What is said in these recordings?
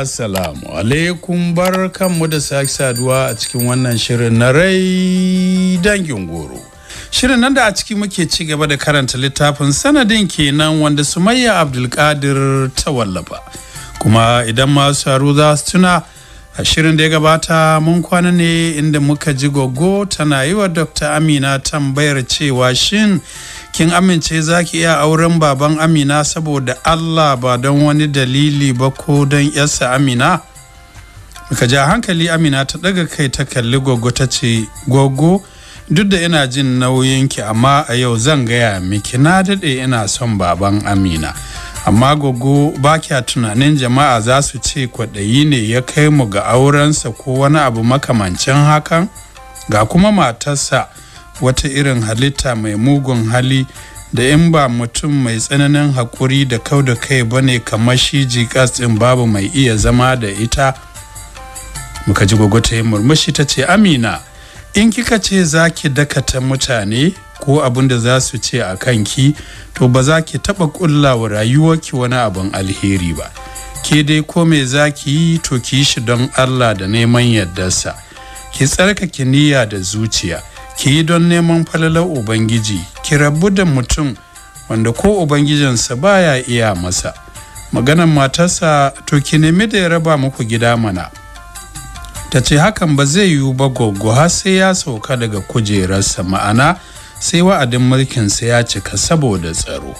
Assalamu alaikum bar kanmu da sake saduwa a cikin wannan shirin na rai dangin goro. Shirin nan da a ciki muke ci gaba da karanta littafin sanadin kenan wanda Sumayya Abdulkadir ta wallafa. Kuma idan masu haru za su tuna a shirin da ya gabata mun kwana ne inda muka ji goggo tana yi wa Dr. Amina tambayar cewa shin kin amince za ki iya auren baban amina saboda allah ba don wani dalili ba ko don yarsa amina muka ja hankali amina ta daga kai ta kalli gwaggo ta ce gwaggo duk da ina jin nauyinki amma a yau zan gaya miki na daɗe ina son baban amina amma gwaggo ba kya tunanin jama'a za su ce kwaɗayi ne ya kai mu ga aurensa ko wani abu makamancin hakan ga kuma matarsa wata irin halitta mai mugun hali da in ba mutum mai tsananin haƙuri da kau da kai ba ne kamar shi jikas ɗin babu mai iya zama da ita muka ji gwagwata yi murmushi ta ce amina in kika ce za ki dakata mutane ko abin da za su ce a kanki to ba za ki taɓa ƙulla wa rayuwarki wani abin alheri ba ke dai ko me za ki yi to ki shi don allah da neman yardarsa ki tsarkake niyya da zuciya ki yi don neman falalar ubangiji ki rabu da mutum wanda ko ubangijinsa baya iya masa maganan matarsa to ki nemi da ya raba muku gida mana ta ce hakan ba zai yiwu ba gogo har sai ya sauka daga kujerarsa ma'ana sai wa'adin mulkinsa ya cika saboda tsaro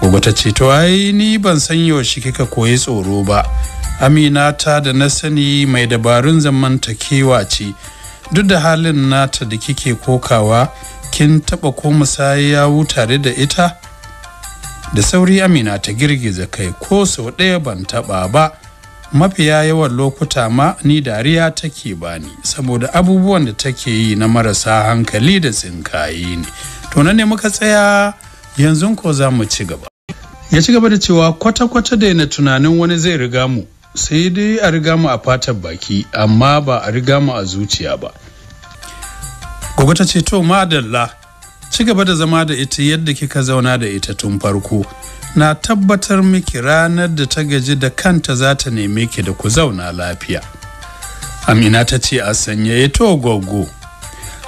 gogo ta ce to ai ni ban san yaushe kika koyi tsoro ba amina ta da na sani mai dabarun zamantakewa ce duk da halin nata da kike kokawa kin taba ko musayawu tare da ita da sauri amina ta girgiza kai ko sau ɗaya ban taba ba mafiya yawan lokuta ma ni dariya take bani saboda abubuwan da take yi na marasa hankali da tsinkayi ne to ne muka tsaya yanzu ko za mu ci gaba ya ci gaba da cewa kwata-kwata daina tunanin wani zai riga mu sai dai a riga mu a fatar baki amma ba a riga mu a zuciya ba gobe ta ce to madalla ci gaba da zama da ita yadda kika zauna da ita tun farko na tabbatar miki ranar da ta gaji da kanta za ta neme ki da ku zauna lafiya amina ta ce a sanya ya eh to gogo.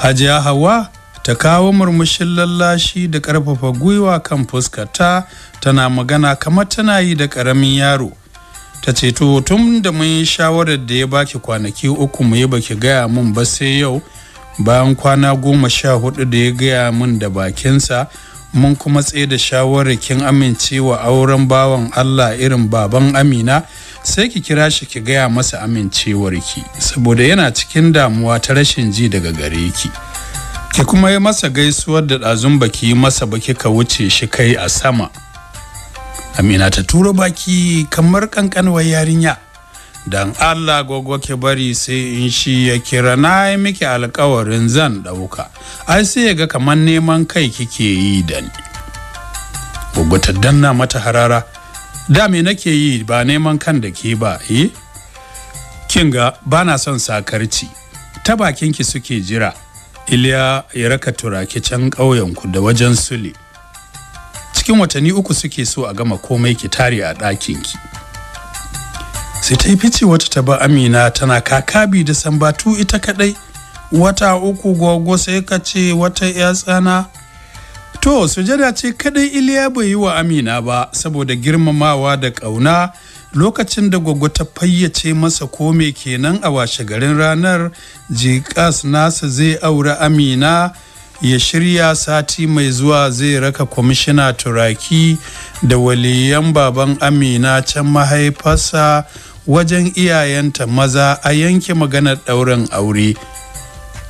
hajiya hawa ta kawo murmushin lallashi da ƙarfafa gwiwa kan fuskata tana magana kamar tana yi da ƙaramin yaro ta ce to tun da mun shawarar da ya baki kwanaki uku mu yi baki gaya mun ba sai yau bayan kwana goma sha hudu da ya gaya mun da bakinsa mun kuma tsaye da shawarar kin amincewa auren bawan Allah irin baban Amina sai ki kira shi ki gaya masa amincewar ki saboda yana cikin damuwa ta rashin ji daga gare ki ki kuma yi masa gaisuwar da ɗazun baki masa baki ka wuce shi kai a sama amina ta tura baki kamar kankanwar yarinya don allah gogo ke bari sai in shi ya kira na yi miki alkawarin zan ɗauka ai sai ya ga kamar neman kai kike yi da ni gogo ta danna mata harara da me nake yi ba neman kan da ke ba eh kin ga ba na son sakarci ta bakinki suke jira iliya ya raka turaki can ƙauyenku da wajen sule cikin watanni uku suke so a gama komai ki tare a ɗakin ki sai ta yi fice wata ta ba amina tana kakabi da sambatu ita kadai wata uku gogo sai ka ce wata ya tsana to sujada ce kadai iliya bai yi wa amina ba saboda girmamawa da ƙauna lokacin da gwaggo ta fayyace masa kome kenan a washe garin ranar jikas nasa zai aure amina ya shirya sati mai zuwa zai raka kwamishina turaki da waliyan baban amina can mahaifarsa wajen iyayenta maza a yanke maganar ɗaurin aure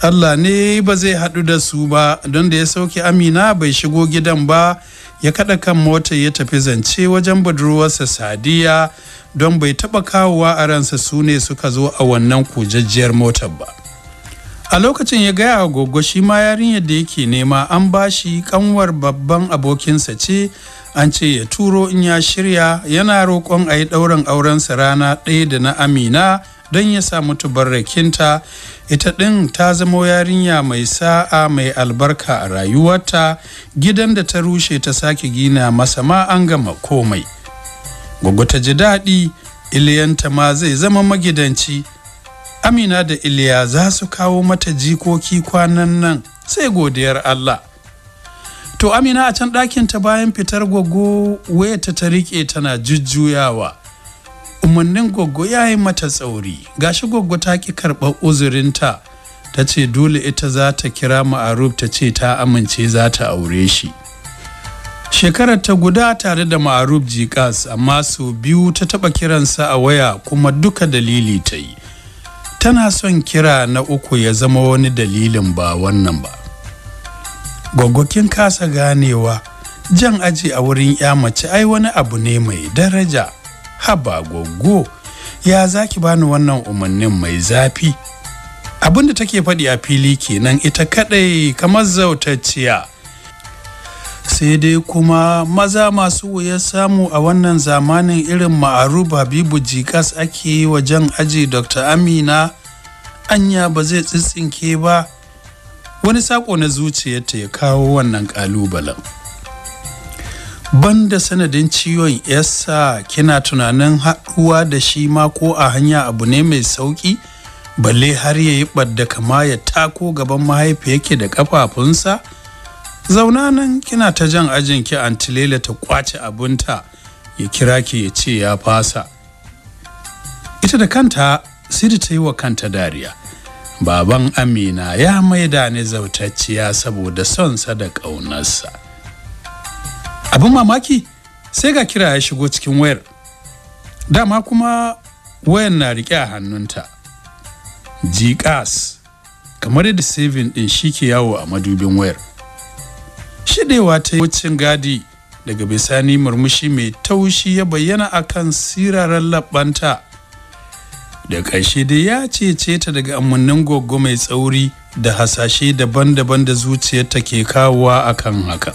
allah ne ba zai haɗu da su ba don da ya sauke amina bai shigo gidan ba ya kaɗa kan mota ya tafi zance wajen budurwarsa sadiya don bai taɓa kawowa a ransa su ne suka zo a wannan kujajjiyar motar ba a lokacin ya gaya gogo shi ma yarinyar da yake nema an ba shi kanwar babban abokinsa ce an ce ya turo in ya shirya yana roƙon a yi ɗaurin aurensa rana ɗaya da na amina don ya samu tubarrakinta ita ɗin ta zamo yarinya mai sa'a mai albarka a rayuwarta gidan da ta rushe ta sake gina masa ma an gama komai gwaggo ta ji daɗi iliyanta ma zai zama magidanci amina da iliya za su kawo mata jikoki kwanan nan sai godiyar allah to amina a can ɗakinta bayan fitar gwaggo wayarta ta riƙe tana jujjuyawa umarnin gwaggo ya yi mata tsauri gashi gwaggo ta ki karɓar uzurinta ta ce dole ita za ta kira ma'aruf ta ce ta amince za ta aure shi shekarar ta guda tare da ma'aruf jikas amma sau biyu ta taɓa kiransa a waya kuma duka dalili ta yi tana son kira na uku ya zama wani dalilin ba wannan ba gwaggwakin kasa ganewa jan aji a wurin ya mace ai wani abu ne mai daraja haba goggo ya zaki bani wannan umarnin mai zafi Abin da take faɗi a fili kenan ita kaɗai kamar zautacciya sai dai kuma maza masu wuyar samu a wannan zamanin irin ma'aru bibu jikas ake yi wa jan aji dr amina anya ba zai tsitsinke ba wani sako na zuciyarta ya kawo wannan kalubalen banda sanadin ciwon yasa kina tunanin haɗuwa da shi ma ko a hanya abu ne mai sauƙi balle har ya yi ɓadda kama ya tako gaban mahaifi yake da ƙafafunsa zauna nan kina ta jan ajin ki antilela ta kwace abunta ya kira ki ya ce ya fasa ita da kanta Sidi ta yi wa kanta dariya baban amina ya maida ni zautacciya saboda sonsa da ƙaunarsa abin mamaki sai ga kira ya shigo cikin wayar dama kuma wayan na riƙe a hannunta jikas kamar yadda saving ɗin shi ke yawo a madubin wayar shidewa ta wucin gadi daga bisani murmushi mai taushi ya bayyana akan siraran labbanta da ƙarshe da ya cece ta daga amannin goggo mai tsauri da hasashe daban-daban da zuciyarta ke kawowa akan haka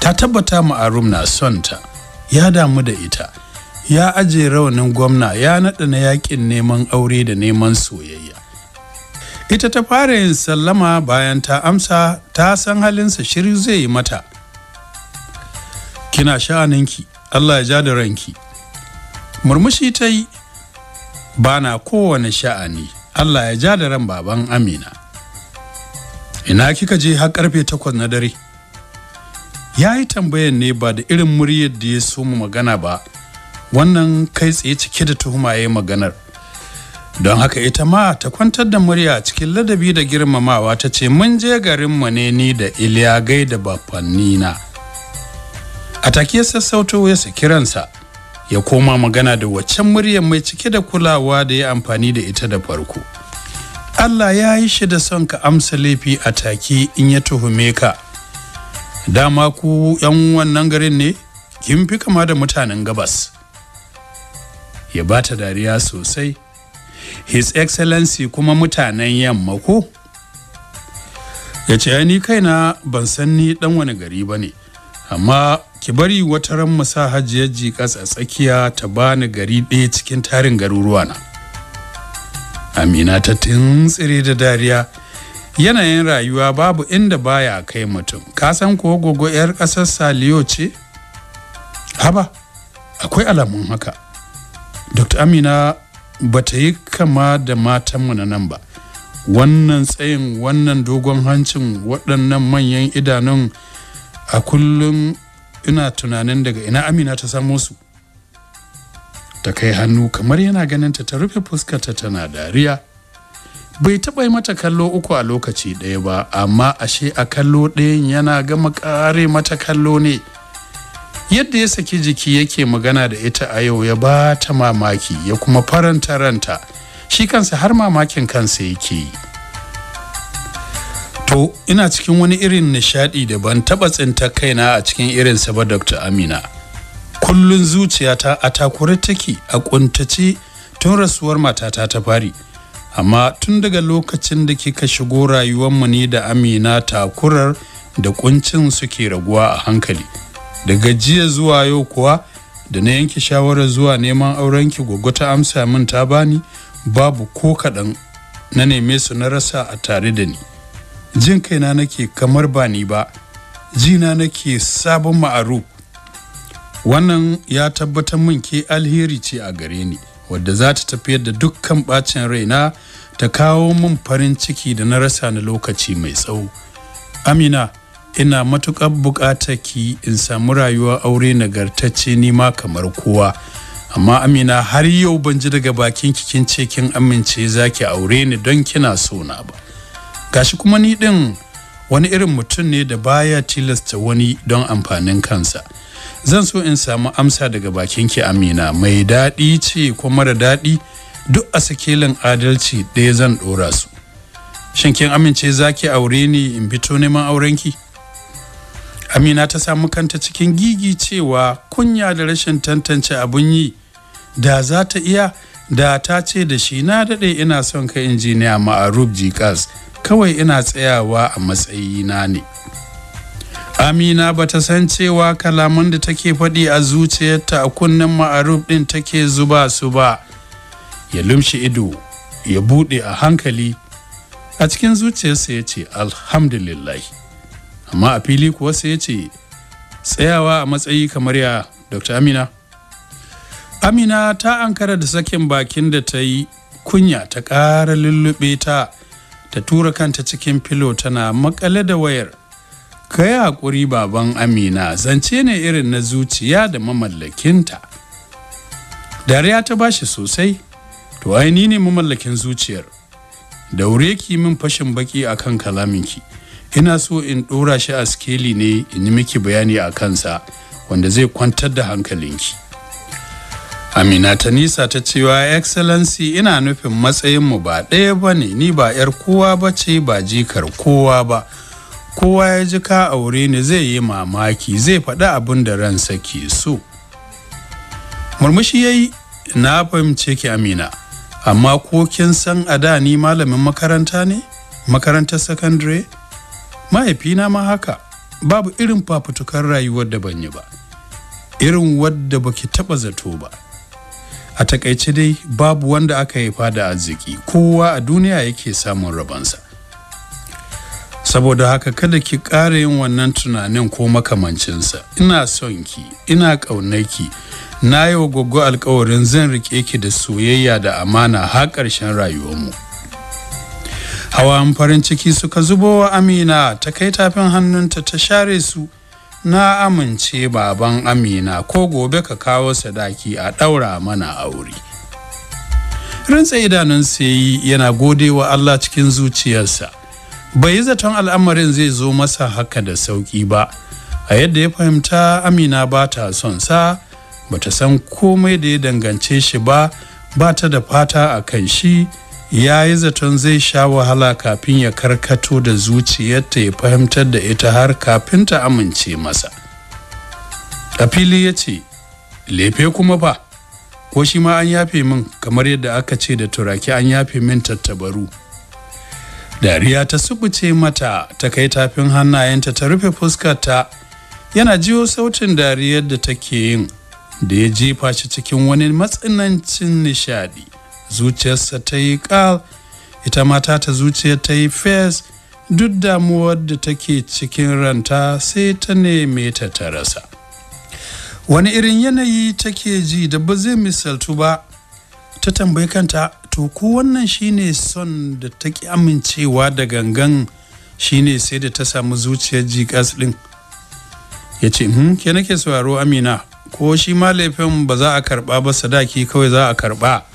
ta tabbata ma'arum na son ta ya damu da ita ya ajiye rawanin gwamna ya naɗa na yakin neman aure da neman soyayya ita ta fara yin sallama bayan ta amsa ta san halinsa shiru zai yi mata kina sha'aninki allah ya ja da ranki murmushi ta yi ba na kowane sha'ani allah ya ja da ran baban amina ina kika je har karfe takwas na dare ya yi tambayan ne ba da irin muryar da ya so mu magana ba wannan kai tsaye cike da tuhuma ya maganar don haka ita ma ta kwantar da murya cikin ladabi da girmamawa ta ce mun je garinmu ne ni da iliya gai da bafannina a take sassauto ya saki ransa ya koma magana da waccan muryar mai cike da kulawa da ya amfani da ita da farko Allah ya yi shi da son ka amsa laifi a take in ya tuhume ka dama ku yan wannan garin ne kin fi kama da mutanen gabas ya bata dariya sosai his excellency kuma mutanen yamma ko ya ce ni kaina ban san ni dan wani gari ba ne amma ki bari wata ran mu sa hajiyar jikas tsakiya ta bani gari ɗaya cikin tarin garuruwa na amina ta tsire da dariya yanayin rayuwa babu inda baya kai mutum ka san ko gogo yar ƙasar saliyo ce haba akwai alamun haka dr amina ba ta yi kama da matanmu na nan ba wannan tsayin wannan dogon hancin waɗannan manyan idanun a kullum ina tunanin daga ina amina ta samo su ta kai hannu kamar yana ganin ta ta rufe fuskarta tana dariya bai taɓa yi mata kallo uku a lokaci ɗaya ba amma ashe a kallo ɗayan yana gama ƙare mata kallo ne yadda ya saki jiki yake magana da ita a yau ya ba ta mamaki ya kuma faranta ranta shi kansa har mamakin kansa yake yi to ina cikin wani irin nishadi da ban taba tsinta kaina a cikin irin sa ba dr amina kullun zuciyata a takura take a kuntace tun rasuwar matata ta fari amma tun daga lokacin da kika shigo rayuwar mu ne da amina takurar da kuncin suke raguwa a hankali daga jiya zuwa yau kuwa da na yanke shawarar zuwa neman aurenki gwaggo ta amsa min ta bani babu ko kaɗan na neme su na rasa a tare da ni jin kaina nake kamar ba ni ba jina nake sabon ma'aru wannan ya tabbatar min ke alheri ce a gare ni wadda za ta tafi da dukkan bacin raina ta kawo min farin ciki da na rasa na lokaci mai tsawo amina ina matuƙar buƙatar ki in samu rayuwar aure nagartacce ni ma kamar kowa amma amina har yau ban ji daga bakin ki kin ce kin amince zaki aure ni don kina so na ba gashi kuma ni din wani irin mutum ne da baya tilasta wani don amfanin kansa zan so in samu amsa daga bakin ki amina mai daɗi ce ko mara daɗi duk a sakelin adalci ɗaya zan ɗora su shin kin amince zaki aure ni in fito neman aurenki amina ta samu kanta cikin gigi cewa kunya da rashin tantance abun yi da za ta iya da ta ce da shi na daɗe ina son ka injiniya ma'aruf jikas kawai ina tsayawa a matsayina ne amina ba ta san cewa kalaman da take faɗi a zuciyarta a kunnen ma'aruf ɗin take zuba su ba ya lumshi ido ya buɗe a hankali a cikin zuciyarsa ya ce alhamdulillah amma a fili kuwa sai ya ce tsayawa a matsayi kamar ya dr amina amina ta ankara da sakin bakin da ta yi kunya ta ƙara lullube ta ta tura kanta cikin filo tana makale da wayar Kai haƙuri baban amina zance ne irin na zuciya da mamallakinta dariya ta bashi sosai to ainihin ni ne mamallakin zuciyar daure ki min fashin baki akan kalaminki ina so in ɗora shi a skeli ne in yi miki bayani a kansa wanda zai kwantar da hankalinki amina ta nisa ta cewa excellency ina nufin matsayinmu ba ɗaya ba ne ni ba 'yar kowa ba ce ba jikar kowa ba kowa ya ji ka aure ne zai yi mamaki zai faɗi abin da ransa ke so murmushi ya yi na fahimce ki amina amma ko kin san a da ni malamin makaranta ne makarantar sakandare mahaifina ma haka babu irin fafutukar rayuwar da ban yi ba irin wadda baki taba zato ba a takaice dai babu wanda aka haifa da arziki kowa a duniya yake samun rabansa saboda haka kada ki ƙara yin wannan tunanin ko makamancinsa ina son ki ina ki, na yi wa gwaggo alkawarin zan rike ki da soyayya da amana har ƙarshen rayuwarmu. mu hawan farin ciki suka zubo wa amina ta kai tafin hannunta ta share su na amince baban amina ko gobe ka kawo sadaki a ɗaura mana aure rantsa idanun sai yana gode wa allah cikin zuciyarsa bai yi zaton al'amarin zai zo masa haka da sauƙi ba a yadda ya fahimta amina ba ta son sa ba ta san komai da ya dangance shi ba ba ta da fata a kan shi ya yi zaton zai sha wahala kafin ya karkato da zuciyarta ya fahimtar da ita har kafin ta amince masa a fili ya ce lefe kuma ba ko shi ma an yafe min kamar yadda aka ce da turaki an yafe min tattabaru dariya ta subuce mata ta kai tafin hannayenta ta rufe fuskarta yana jiyo sautin dariyar da take yin da ya jefa shi cikin wani matsanancin nishadi zuciyarsa ta yi ƙal ita mata ta zuciya ta yi fes duk damuwar da take cikin ranta sai ta neme ta ta rasa wani irin yanayi take ji da ba zai misaltu ba ta tambayi kanta to ko wannan shine son da ta ki amincewa da gangan shine sai da ta samu zuciyar jikas din ya ce hmm, ke nake sauraro amina ko shi ma laifin ba za a karba ba sadaki kawai za a karba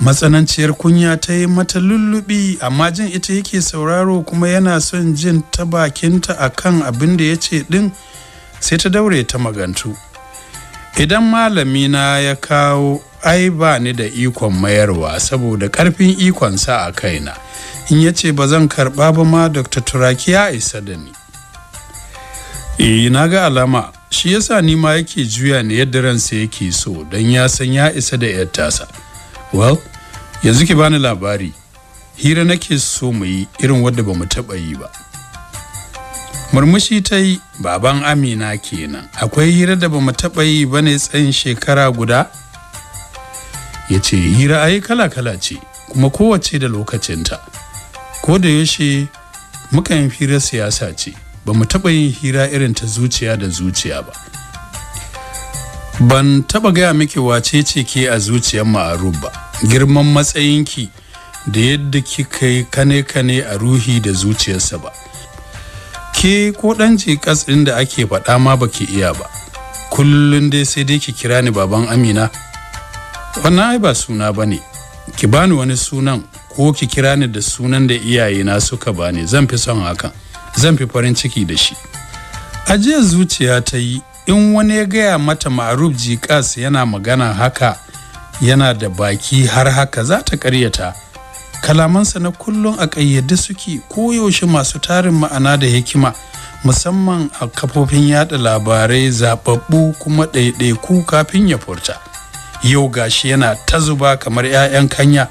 matsananciyar kunya ta yi mata lullubi amma jin ita yake sauraro kuma yana son jin ta bakinta a kan abin da ya ce din sai ta daure ta magantu idan malamina ya kawo ai ba ni da ikon mayarwa saboda karfin ikonsa a kaina in ya ce ba zan karɓa ba ma dr turaki ya isa da ni eh na ga alama shi yasa ni ma yake juya ne yadda ransa yake so don ya san ya isa da 'yar tasa well yanzu ki bani labari hira nake so mu yi irin wadda ba mu taɓa yi ba murmushi ta yi baban amina kenan akwai hira da ba mu taɓa yi ba ne tsayin shekara guda ya ce hira ayi kala-kala ce kuma kowace da lokacinta ko da yaushe muka yin hira siyasa ce ba mu taɓa yin hira irin ta zuciya da zuciya ba ban taɓa gaya miki wace ce ke a zuciyar ma'arub ba girman matsayinki da yadda kika yi kane-kane a ruhi da zuciyarsa ba ke ko ɗan jikas ɗin da ake faɗa ma baki iya ba kullum dai sai dai ki kira ni baban amina wannan ai ba suna ba ne ki bani wani sunan ko ki kira ni da sunan da iyaye na suka bani zan fi son hakan zan fi farin ciki da shi ajiyar zuciya ta yi in wani ya gaya mata ma'aruf jikas yana magana haka yana da baki har haka za ta karyata kalamansa na kullum a ƙayyade suke koyaushe masu tarin ma'ana da hikima musamman a kafofin yada labarai zababbu kuma ɗaiɗaiku kafin ya furta yau gashi yana ta zuba kamar 'ya'yan kanya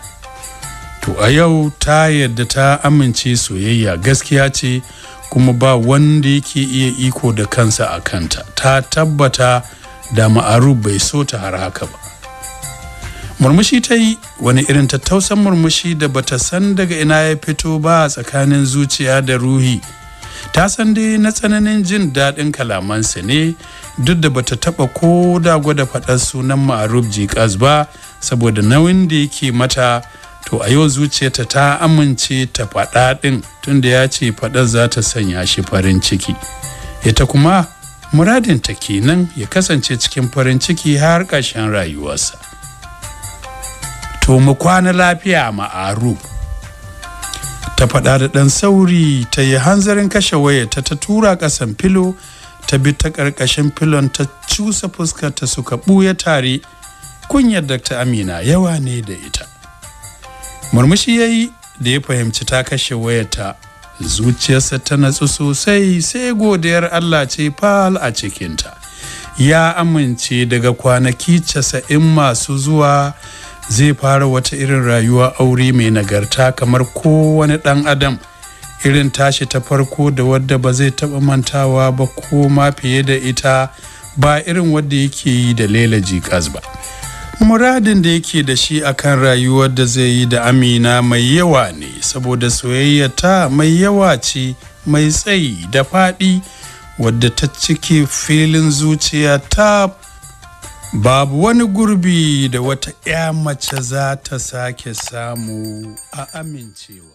to a yau ta yadda ta amince soyayya gaskiya ce kuma ba wanda yake iya iko da kansa a kanta ta tabbata da ma'aru bai so ta har haka ba murmushi ta yi wani irin tattausan murmushi da bata san daga ina ya fito ba tsakanin zuciya da ruhi ta san dai na tsananin jin daɗin kalamansa ne duk da bata taɓa ko da gwada faɗar sunan ma'aruf jikas ba saboda nauyin da yake mata to a yau zuciyarta ta amince ta faɗa ɗin tunda ya ce faɗar za ta sanya shi farin ciki ita kuma muradinta kenan ya kasance cikin farin ciki har ƙarshen rayuwarsa to mu kwana lafiya ma ma'aruf ta faɗa da ɗan sauri ta yi hanzarin kashe wayarta ta tura ƙasan filo ta bi ta ƙarƙashin filon ta cusa fuskar ta suka buya tare kunyar dr amina yawa ne da ita murmushi ya yi da ya fahimci ta kashe wayarta zuciyarsa ta natsu sosai sai godiyar allah ce fal a cikinta ya amince daga kwanaki casa'in masu zuwa zai fara wata irin rayuwa aure mai nagarta kamar kowane ɗan adam irin tashi ta farko da wadda ba zai taɓa mantawa ba ko ma fiye da ita ba irin wadda yake yi da lela jikas ba muradin da yake da shi akan rayuwar da zai yi da amina mai yawa ne saboda soyayyata mai yawa ce mai tsayi da faɗi wadda ta cike filin zuciya ta babu wani gurbi da wata 'ya mace za ta sake samu a amincewa